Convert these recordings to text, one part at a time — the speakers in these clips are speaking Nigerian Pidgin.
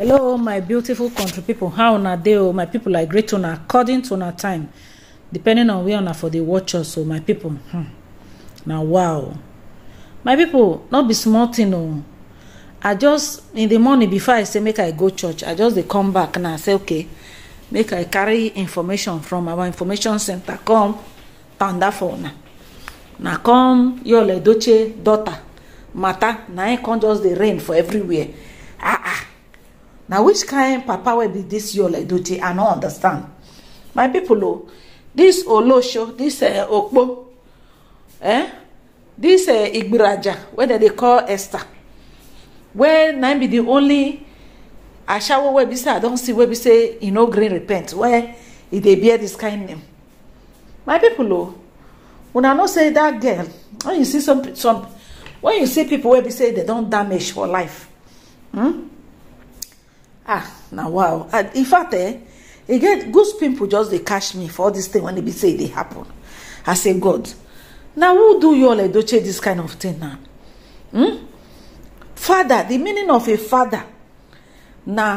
hello my beautiful country people. how na dey Oh, my people are great. On according to our time depending on where una for the watch So oh, my people, hmm wow my people not be small Oh, I just in the morning before i say make i go church i just they come back I say okay make i carry information from our information center come tanda phone una come your doche daughter mata na im come just the rain for everywhere ah ah na which kind papa wey be this your like doji i no understand my people o oh, this olosho this uh, okpo eh This uh, igbiraja wey dem dey call esther wey na be the only ashawo wey be say i don see wey be say e no gree repent wey e dey bear this kind name my people o oh, una know say that girl when you see some some when you see people wey be say dem don damage for life hmm? ah na wow and in fact eh again good people just dey catch me for all dis thing when they be say they e happen i say god now who do you all edoche this kind of thing now hmm father the meaning of a father Now,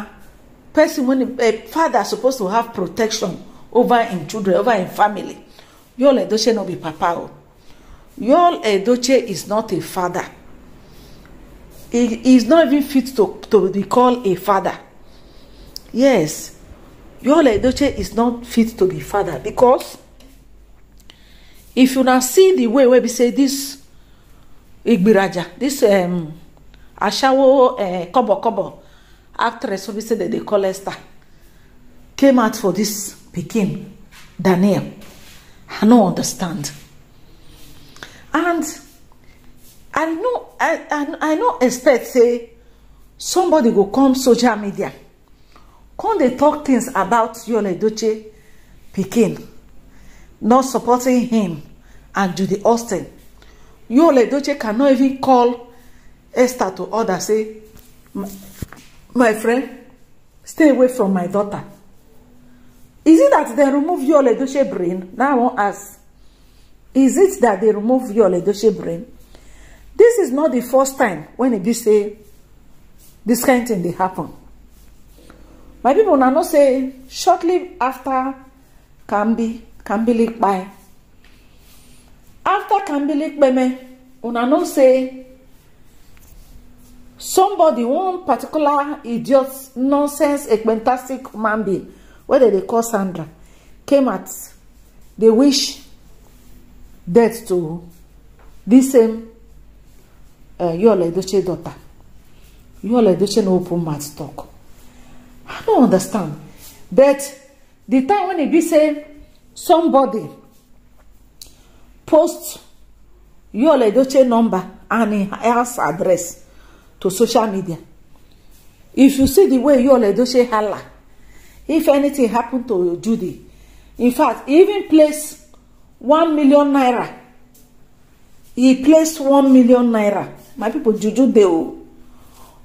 person when a eh, father supposed to have protection over in children over in family yall edoche no be papa o yall edoche is not a father he is not even fit to to be called a father yes your Edochie is not fit to be father because if you now see the way wey be say this igbiraja this um, ashawo uh, Kobo actress wey be say dem dey call esther came out for this pikin daniel i no understand and i no i i, I no expect say somebody go come social media come they talk things about yul edoche pikin not supporting him and judy austin yul edoche cannot even call esther to order say my friend stay away from my daughter is it that they remove yul edoche brain Now i wan ask is it that they remove yul edoche brain this is not the first time when e be say this kind thing They happen my people now know say shortly after kambi kambili kpai afta kambili kpeme una know say somebody one particular idiot nonsense ekpentastic human being wey dem call sandra came at dey wish death to this same eh, yul edoche daughter yul edoche no open mouth tok i don't understand but the time when e be say somebody post yul edoche number and his address to social media if you see the way yul edoche hala if anything happened to judy in fact even place one million naira he placed one million naira my people juju dey o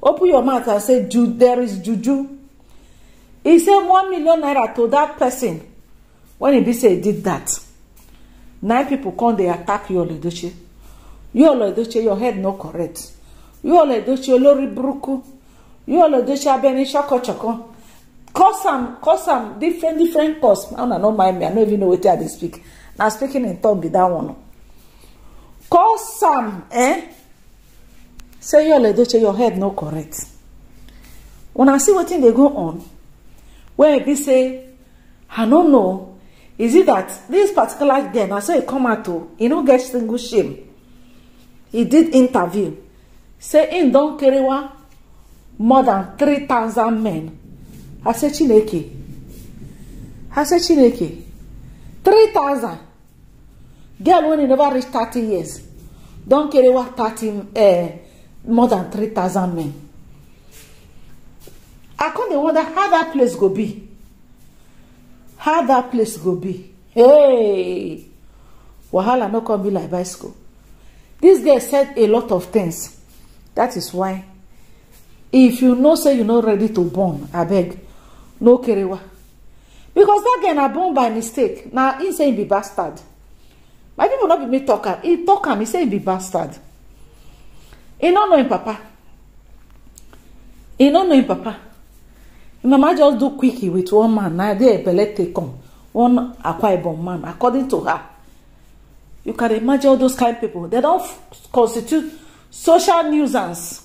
open your mouth and say there is juju He say one million naira to that person when he be say e did that. nine people come dey attack You edoche yolo edoche your head no correct yolo edoche olori buruku yolo edoche abẹni ṣọkọṣọkan cause am cause am different different cause now na no mind me i no even know wetin i dey speak na speaking in tongue be that one cause am eh say yolo edoche your head no correct una see wetin dey go on wey e be say i no know is it that dis particular girl na so he come out to, he no get single shame He did interview say im don carry one more than three thousand men i say chineke i say chineke thousand. girl wey e never reach thirty years don carry one 30 eh, more than three thousand men i come dey wonder how that place go be how that place go be hey wahala no come be like bicycle This girl said a lot of things That is why if you know say you no ready to born abeg no kerewa because that girl na born by mistake na im say im be bastard my people no be me talk am he talk am he say he be bastard he no know him papa he no know him papa mama just do quickie with one man na there belle take come one akwa ibom man according to her you can imagine all those kind of people they don constitute social nuisance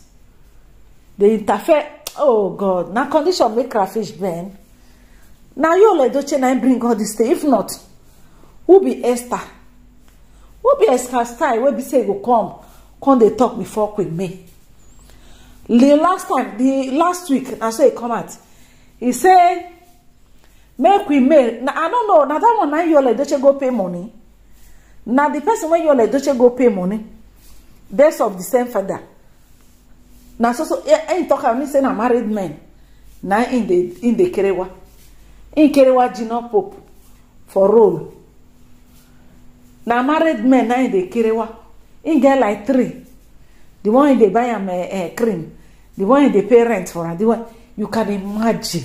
They interfere oh god na condition make crayfish bend na yolo edoche na bring all this thing if not who be esther who be esther style wey be say go come come dey talk before queen me. the last time the last week na so e come out he say make we mail na i no know na that one na yole edoche go pay money na the person wey yole edoche go pay money death of the same father na so so him talk am say na married man. na in the in the kerewa in kerewa junior pope for role na married man, na in the kerewa in get like three the one in the buy am um, uh, uh, cream the one in the pay rent for am the one you can imagine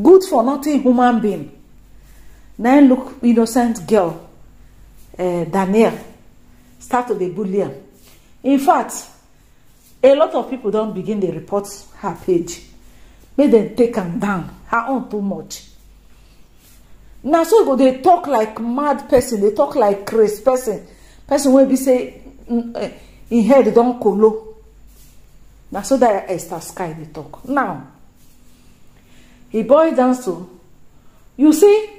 good for nothing human being na im look innocent girl uh, daniel start to dey bully am in fact a lot of people don begin dey report her page make dem take am down her own too much na so go dey talk like mad person dey talk like craze person person wey be say im mm, eh, head don kolo na so that esther sky they talk now e boil down to you see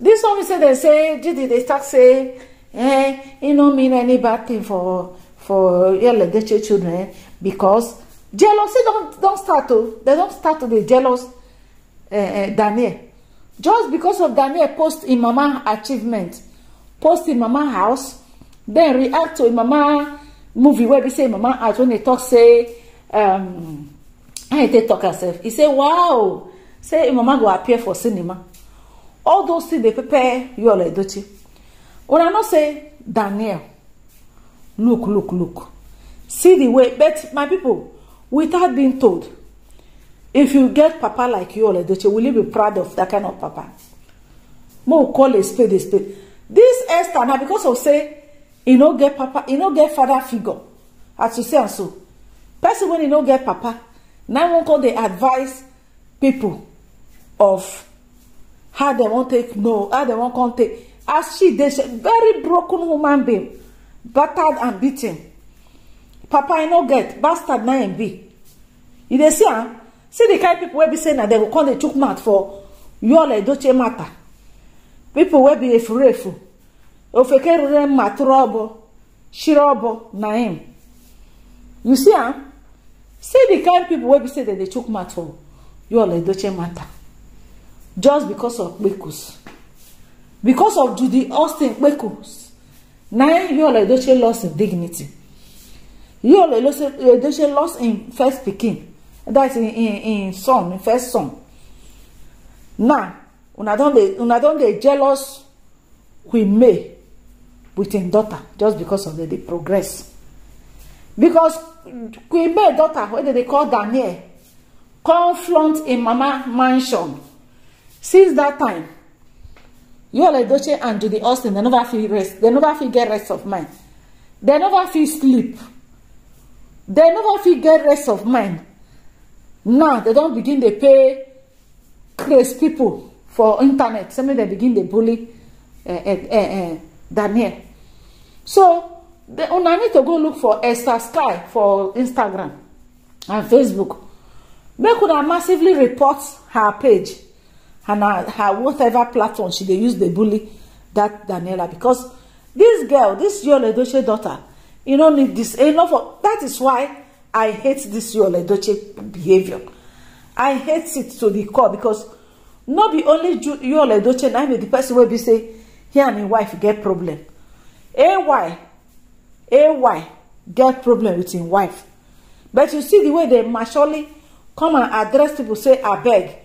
this one said they say did they start say eh e no mean any bad thing for for yeledeche children eh because jealousy don't start to they don't start to dey jealous eh, eh, daniel just because of daniel post in mama achievement post in mama house then react to mama movie where we say mama house wen dey talk say um, I take talk herself. He say, wow, say mama go appear for cinema. All those things they prepare you all Edochie. When I not say Daniel, look, look, look. See the way, but my people, without being told, if you get papa like you all Edochie, will you be proud of that kind of papa? More call a spade a spade. This Esther now because of say, you know get papa, you know get father figure. As you say and so person wey e no get papa Now, one call dey advise people of how they won't take no, how they won't come take as she this very broken woman being battered and beaten papa e no get bastard na im be you dey see am see the kind people will be saying that they will call dey chook mat for you yoola edoche matter people will be efurefu ofeke rere ma toro obo shire obo na you see am huh? see the kind people wey be say dem dey chook mouth for your edoche matter just because of kpekus because of judy austin kpekus na your edoche lost im dignity You all edoche lost im first pikin that is im im son im first son now una don dey una don dey jealous we may with im daughter just because of the dey progress because queen may daughter wey dem dey call daniel come flaunt im mama mansion since dat time yohle edoche and judy austin dem never fit rest dem never fit get rest of mind dem never fit sleep dem never fit get rest of mind now dem don begin dey pay craze people for internet say make dem begin dey bully eh, eh, eh, daniel so they una oh, need to go look for Esther sky for instagram and facebook make una massively report her page and her, her whatever platform she dey use dey bully that daniela because this girl this yul edochie daughter you no need this enough of that is why i hate this yul edochie behaviour i hate it to the core because no be only yul edochie na be the person wey be say he and him wife get problem ay ay get problem with im wife but you see the way they maturely come and address people say I beg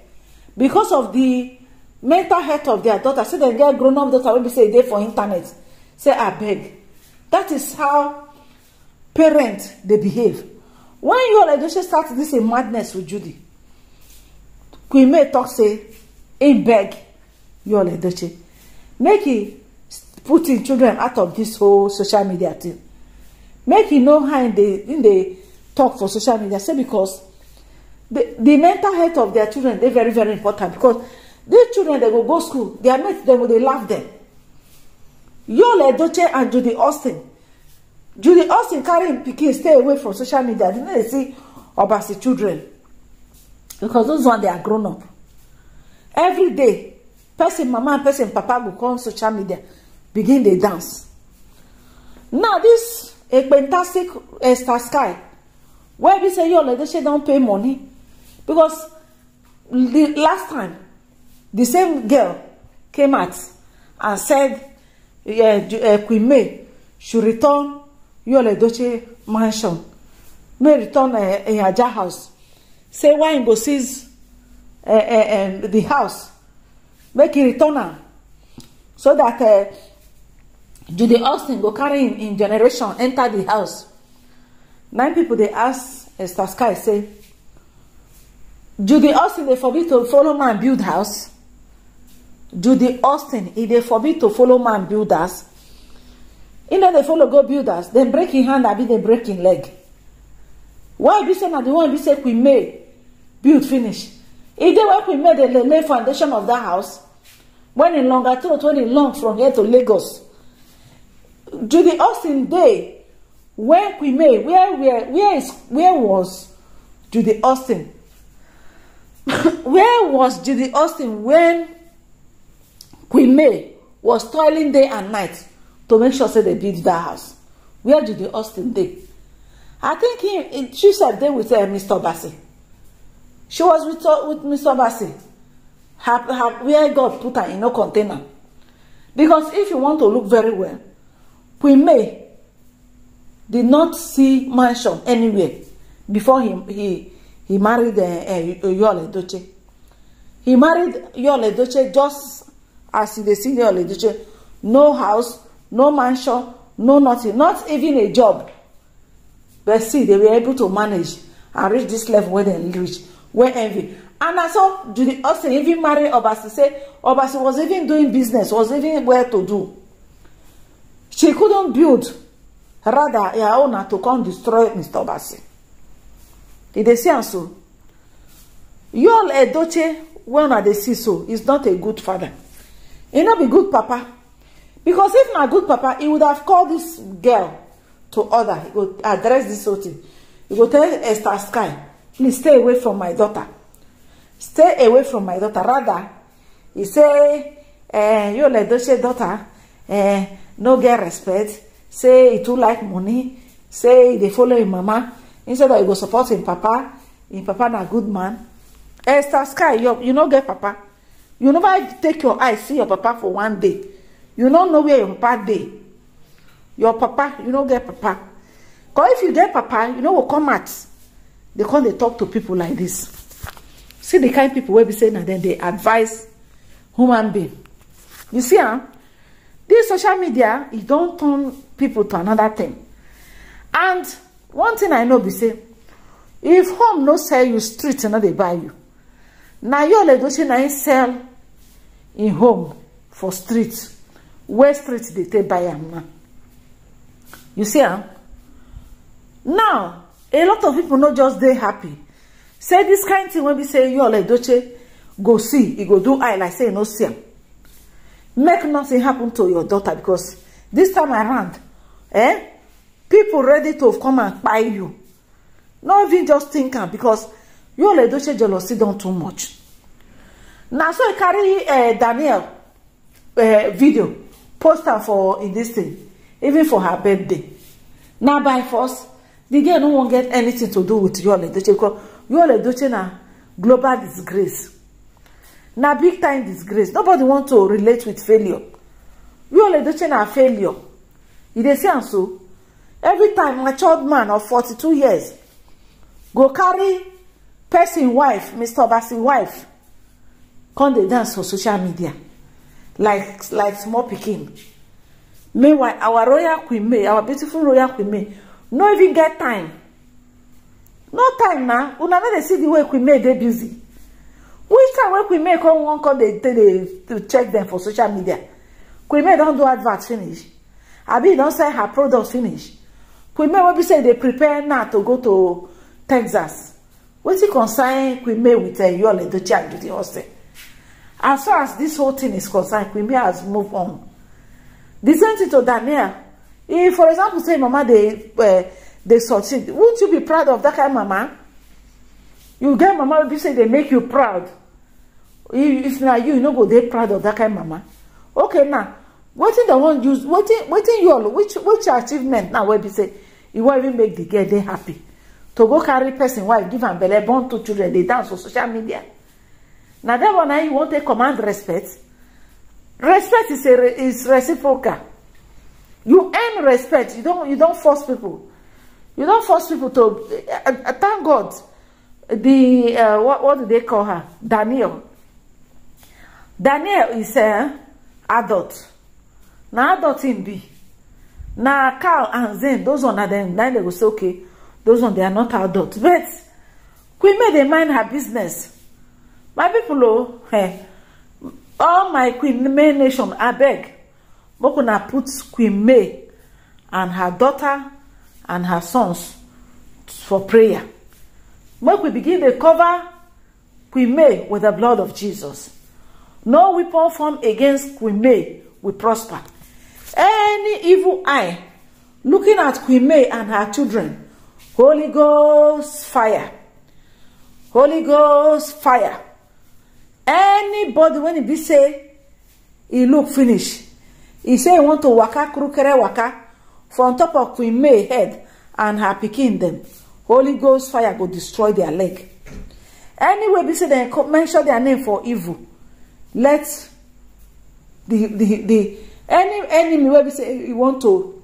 because of the mental health of their daughter say they get grown up daughter will be say e for internet say I beg. that is how parents they behave when your education start this im madness with judy queen may talk say im beg your edoche make it putting children out of this whole social media thing make e know how im dey talk for social media say because the the mental health of their children dey very very important because these children dey go go school their mates dem go dey laugh dem yul edoche and judy austin judy austin carry im pikin stay away from social media you no dey see obasi children because those one they are grown up every day person mama and person papa go come social media begin dey dance now this A e ekpentastic e star sky Where be say your organization don pay money because the last time the same girl came out and said uh, uh, Queen May should return Yul Edochie mansion may return uh, eh, Iyaja house say why he go seize uh, uh, uh, the house make he return am so that uh, judy austin go carry him in generation enter the house nine people they ask esther sky say judy austin they forbid to follow man build house judy austin e they forbid to follow man build house e no dey follow go build house then break im hand abi dem break im leg why be say na the one we say we may build finish e dey where queen may dey lay foundation of that house when im longer throat when im long from here to lagos judy austin day when quimay where where where is where was judy austin where was judy austin when quimay was toiling day and night to make sure say they build that house where judy austin day? i think him he she sef dey with uh, mr bassey she was with uh, with mr bassey her her where god put her in no container, because if you want to look very well Queen May did not see mansion anywhere before he he he married uh, uh, Yul Edochie. He married yole doche just as he dey see yole doche No house, no mansion, no nothing, not even a job. But see, they were able to manage and reach this level where they reach, where envy. And I saw Judy Austin even marry Obasi, say Obasi was even doing business, was even well to do. She couldn't build. Rather, her owner to come destroy Mr. Obasi. Did they see her so? Yul Edochie, when are they see so, is not a good father. He not be good papa. Because if not good papa, he would have called this girl to order. He would address this whole thing. He would tell Esther Sky, please stay away from my daughter. Stay away from my daughter. Rather, he say, eh, Yul Edochie daughter, eh, no get respect say he too like money say they follow im mama instead of he go support papa His papa na good man esther sky you no get papa you never take your eyes see your papa for one day you no know where your papa dey your papa you no get papa cos if you get papa you know what come at. They come They talk to people like this see the kind people will be say and then they advise human being you see am this social media it e don turn people to another thing and one thing i know be say if home no sell you street no dey buy you na your legoshi na sell in home for street where street dey take buy am now you see am now a lot of people no just dey happy say this kind thing wey be say your legoshi go see e go do eye like say e no see am make nothing happen to your daughter because this time around eh people ready to come and buy you Not even just think am because your ledoche jealousy don too much Now, so I carry uh, daniel uh, video poster for in this thing even for her birthday Now, by force the girl no wan get anything to do with your ledoche because your ledoche na global disgrace na big time disgrace nobody want to relate with failure we all edoche na failure you e dey see am so every time matured man of forty-two years go carry person wife mr obasi wife come dey dance for social media like like small pikin meanwhile our royal queen may our beautiful royal queen may no even get time no time na una no dey see the way queen may dey busy We time wey queen may come one come dey take dey check dem for social media queen may don do advert finish abi don sell her product finish queen may wey be say dey prepare now to go to texas wetin concern queen may with uh, eh, yul edochie and judy austin as far as this whole thing is concerned queen may has move on the same thing to daniel if for example say mama dey uh, dey succeed won't you be proud of that kind of mama you get mama wey be say dey make you proud if na you you no go dey proud of that kind mama okay now wetin dem wan use wetin wetin you all which which achievement now wey be say you wan even make the girl dey happy to go carry person wife give am belle born two children dey dance for social media na that one na you wan take command respect respect is a is reciprocal you earn respect you don you don force people you don force people to uh, uh, thank god the uh, what what do they call her daniel daniel is an adult Now, adult in be Now, carl and zain those one are dem na dem go say okay those one they are not adult but queen may they mind her business my people oh, hey, eh, all my queen may nation abeg make una put queen may and her daughter and her sons for prayer make we begin to cover queen may with the blood of jesus. No weapon formed against Queen May will prosper. Any evil eye looking at Queen May and her children, Holy Ghost fire. Holy Ghost fire. Anybody when he be say, he look finish. He say he want to waka krukere waka for on top of Queen May head and her pikin them. Holy Ghost fire go destroy their leg. Anyway, be say they mention their name for evil let the the the any enemy wey be say e want to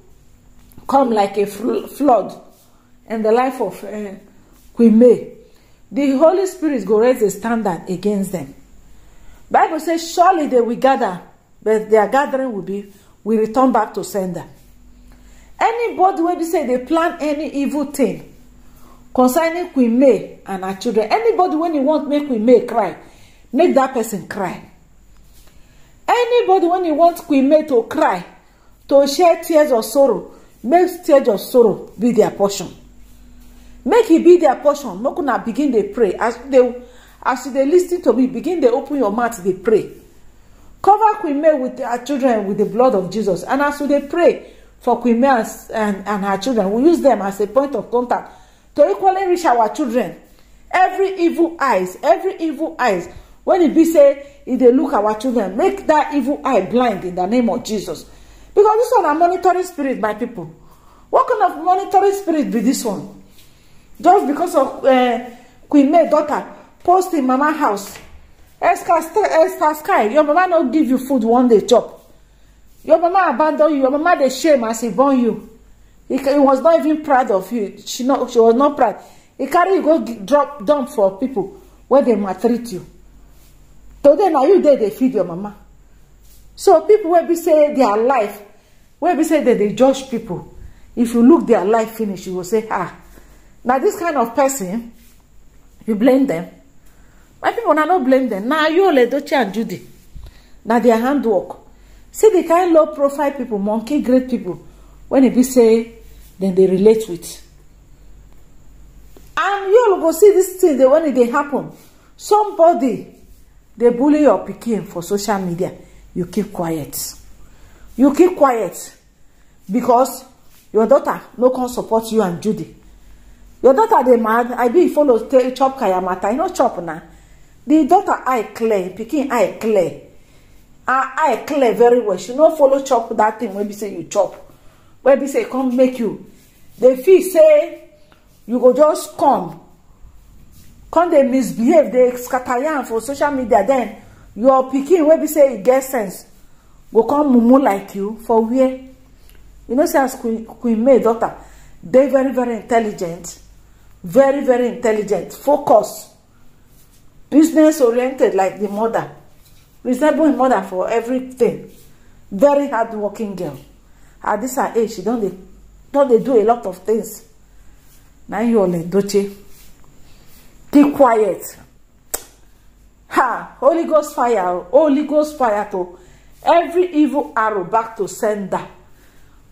come like a flood in the life of uh, Queen May the Holy Spirit go raise a standard against them Bible say surely they will gather but their gathering will be will return back to sender anybody wey be say dey plan any evil thing concerning Queen May and her children anybody wey e want make Queen May cry make that person cry anybody when you want queen to cry to share tears of sorrow make tears of sorrow be their portion make e be their portion make una begin dey pray as dey as you dey lis ten to me begin dey open your mouth dey pray cover queen with her children with the blood of jesus and as you dey pray for queen and and her children we use them as a point of contact to equally reach our children every evil eyes every evil eyes when it be say if they look our children make that evil eye blind in the name of jesus because this one a monitoring spirit my people. what kind of monitoring spirit be this one just because of eh, queen may daughter post in mama house esther sky your mama no give you food one day chop your mama abandon you your mama the shame as say born you he was not even proud of you she she was not proud He carry you go drop dump for people wey they maltreat you today na you dey dey feed your mama so people wey be say dia life wey be say dem dey judge people. if you look their life finish you go say ah na this kind of person you blame them. my people na no blame dem na ayole edoche and judy na dia handwork see the kind low profile people, monkey great people. when e be say dem dey relate with and you all go see this thing when e dey happen somebody dey bully your pikin for social media you keep quiet you keep quiet because your daughter no come support you and judy your daughter dey mad i be follow take chop matter. e no chop na the daughter eye clear pikin eye clear her eye clear very well she no follow chop that thing wey be say you chop wey be say e come make you dey feel say you go just come come dey misbehave dey scatter yarn for social media then your pikin wey be say e get sense go come mumu like you for where you know say as queen queen may daughter dey very very intelligent very very intelligent focus business oriented like the mother resemble mother for everything very hard working girl at this her age she don dey don dey do a lot of things na im Yul Edochie Be quiet. Ha! Holy Ghost fire. Holy Ghost fire to every evil arrow back to sender.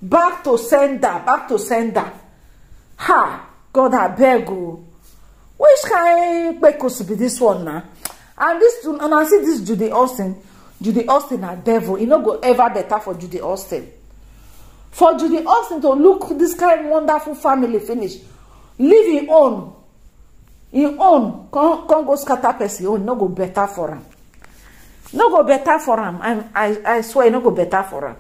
Back to sender. Back to sender. Ha! God, I beg you. Which kind of be this one now? And this, and I see this Judy Austin. Judy Austin na devil. E no go ever better for Judy Austin. For Judy Austin to look this kind wonderful family finish, leave him own him own come come go scatter person own no go better for am no go better for am i i swear e no go better for am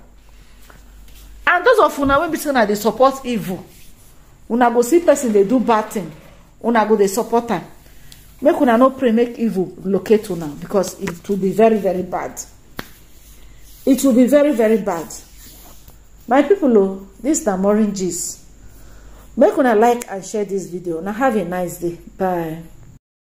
and those of una wey be say una dey support evil una go see person dey do bad thing una go dey support am make una no pray make evil locate una because it will be very very bad it will be very very bad my people o oh, this na morin gist make una like and share this video Now have a nice day bye